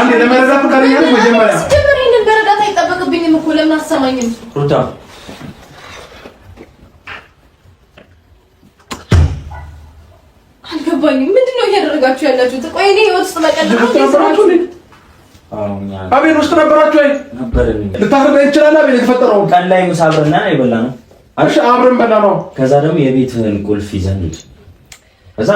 አንዴ ለመረዳት ፈቃደኛ ነሽ? መጀመሪያ ስትጀምር ይሄንን መረዳት አይጠበቅብኝም እኮ ለምን አሰማኝም? ሩታ አልገባኝም። ምንድን ነው እያደረጋችሁ ያላችሁት? ቆይ እኔ ህይወት ውስጥ መቀለድ ነው ተሰራችሁ አቤል ውስጥ ነበራችሁ? አይ ይችላል። አቤል የተፈጠረው ቀን ላይ ምሳ አብረን ነው የበላነው። እሺ አብረን በላነው። ከዛ ደግሞ የቤትህን ቁልፍ ይዘን እዛ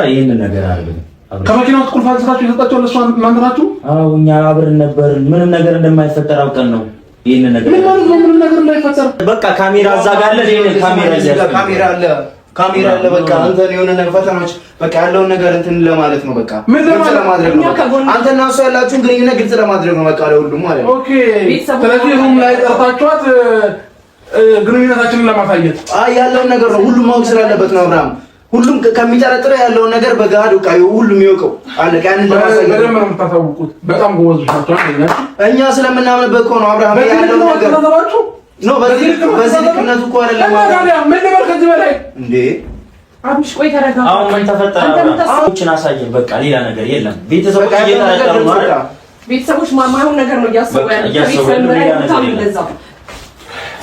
ነገር አድርገን ከመኪናው ውስጥ ቁልፍ አንስታችሁ የሰጣችሁ ለእሱ እናንተ ናችሁ? አዎ እኛ አብረን ነበርን። ምንም ነገር እንደማይፈጠር አውቀን ነው ይሄን ነገር። ምን ማለት ነው? ምንም ነገር እንደማይፈጠር? በቃ ካሜራ እዛ ጋር አለ፣ ካሜራ ካሜራ አለ፣ ካሜራ አለ። በቃ አንተ የሆነ ነገር ፈተናዎች በቃ ያለውን ነገር እንትን ለማለት ነው። በቃ ምን ለማድረግ ነው? አንተ እና እሱ ያላችሁን ግንኙነት ግልጽ ለማድረግ ነው። በቃ ለሁሉም ማለት ነው። ኦኬ። ስለዚህ ሩም ላይ ጠርታችኋት ግንኙነታችንን ለማሳየት አይ ያለውን ነገር ነው ሁሉም ማወቅ ስላለበት ነው አብርሃም ሁሉም ከሚጠረጥረው ያለውን ነገር በገሃድ በቃ ሁሉም የሚወቀው አለ። ያንን በጣም ጎበዞች እኛ ስለምናምንበት እኮ ነው አብርሃም ያለው ነገር ነው። በዚህ በዚህ ልክነቱ እኮ አይደለም። ምን ነበር ከዚህ በላይ እንዴ? አብሽ ቆይ ተረጋጋ። አሁን ምን ተፈጠረ? ችን አሳየን። በቃ ሌላ ነገር የለም። ቤተሰቦች እየተረጠሩ ነው። ቤተሰቦች ማማሁን ነገር ነው እያሰቡ ያለ ቤተሰብ ላይ ታም እንደዛ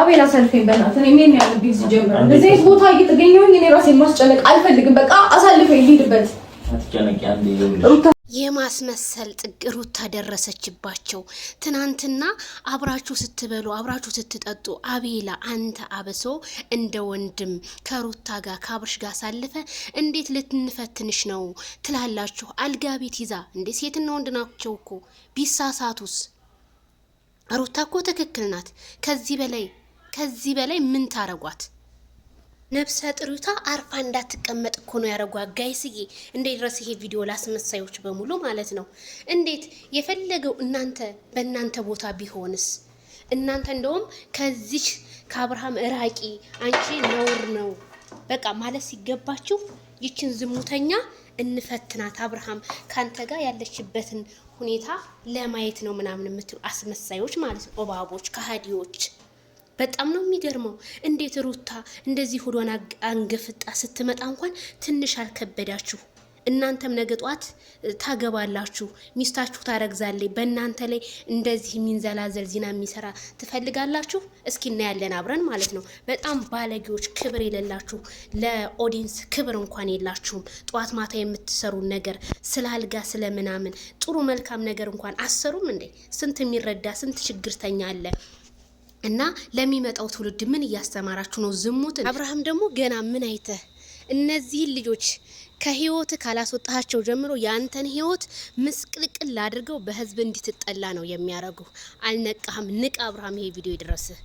አቤላ ሰልፌን በእናትህ እኔ ምን ያህል ቢዚ እንደዚህ አይነት ቦታ እየተገኘሁኝ እኔ ራሴን ማስጨነቅ አልፈልግም። በቃ አሳልፈኝ ልሂድበት። የማስመሰል ጥግ ሩታ ደረሰችባቸው። ትናንትና አብራችሁ ስትበሉ አብራችሁ ስትጠጡ አቤላ አንተ አብሶ እንደ ወንድም ከሩታ ጋር ካብርሽ ጋር ሳልፈ እንዴት ልትንፈትንሽ ነው ትላላችሁ? አልጋ ቤት ይዛ እንዴ! ሴትና ወንድ ናቸው እኮ ቢሳሳቱስ? ሩታ እኮ ትክክል ናት። ከዚህ በላይ ከዚህ በላይ ምን ታረጓት? ነብሰ ጥሪቷ አርፋ እንዳትቀመጥ እኮ ነው ያደረጓት። ጋይስዬ እንዴት ድረስ ይሄ ቪዲዮ ላስመሳዮች በሙሉ ማለት ነው። እንዴት የፈለገው እናንተ በእናንተ ቦታ ቢሆንስ? እናንተ እንደውም ከዚች ከአብርሃም እራቂ አንቺ ነውር ነው በቃ ማለት ሲገባችሁ ይችን ዝሙተኛ እንፈትናት አብርሃም ካንተ ጋር ያለችበትን ሁኔታ ለማየት ነው ምናምን የምትሉ አስመሳዮች ማለት ነው። እባቦች፣ ከሃዲዎች በጣም ነው የሚገርመው። እንዴት ሩታ እንደዚህ ሁዶን አንገፍጣ ስትመጣ እንኳን ትንሽ አልከበዳችሁ። እናንተም ነገ ጧት ታገባላችሁ፣ ሚስታችሁ ታረግዛለች። በእናንተ ላይ እንደዚህ የሚንዘላዘል ዜና የሚሰራ ትፈልጋላችሁ? እስኪ እናያለን አብረን ማለት ነው። በጣም ባለጌዎች፣ ክብር የሌላችሁ ለኦዲንስ ክብር እንኳን የላችሁም። ጠዋት ማታ የምትሰሩ ነገር ስለ አልጋ ስለ ምናምን ጥሩ መልካም ነገር እንኳን አሰሩም እንዴ? ስንት የሚረዳ ስንት ችግርተኛ አለ። እና ለሚመጣው ትውልድ ምን እያስተማራችሁ ነው? ዝሙትን አብርሃም ደግሞ ገና ምን አይተህ እነዚህን ልጆች ከህይወት ካላስወጣቸው ጀምሮ ያንተን ህይወት ምስቅልቅል አድርገው በህዝብ እንድትጠላ ነው የሚያደርጉ። አልነቃህም? ንቅ አብርሃም፣ ይሄ ቪዲዮ ይድረስህ።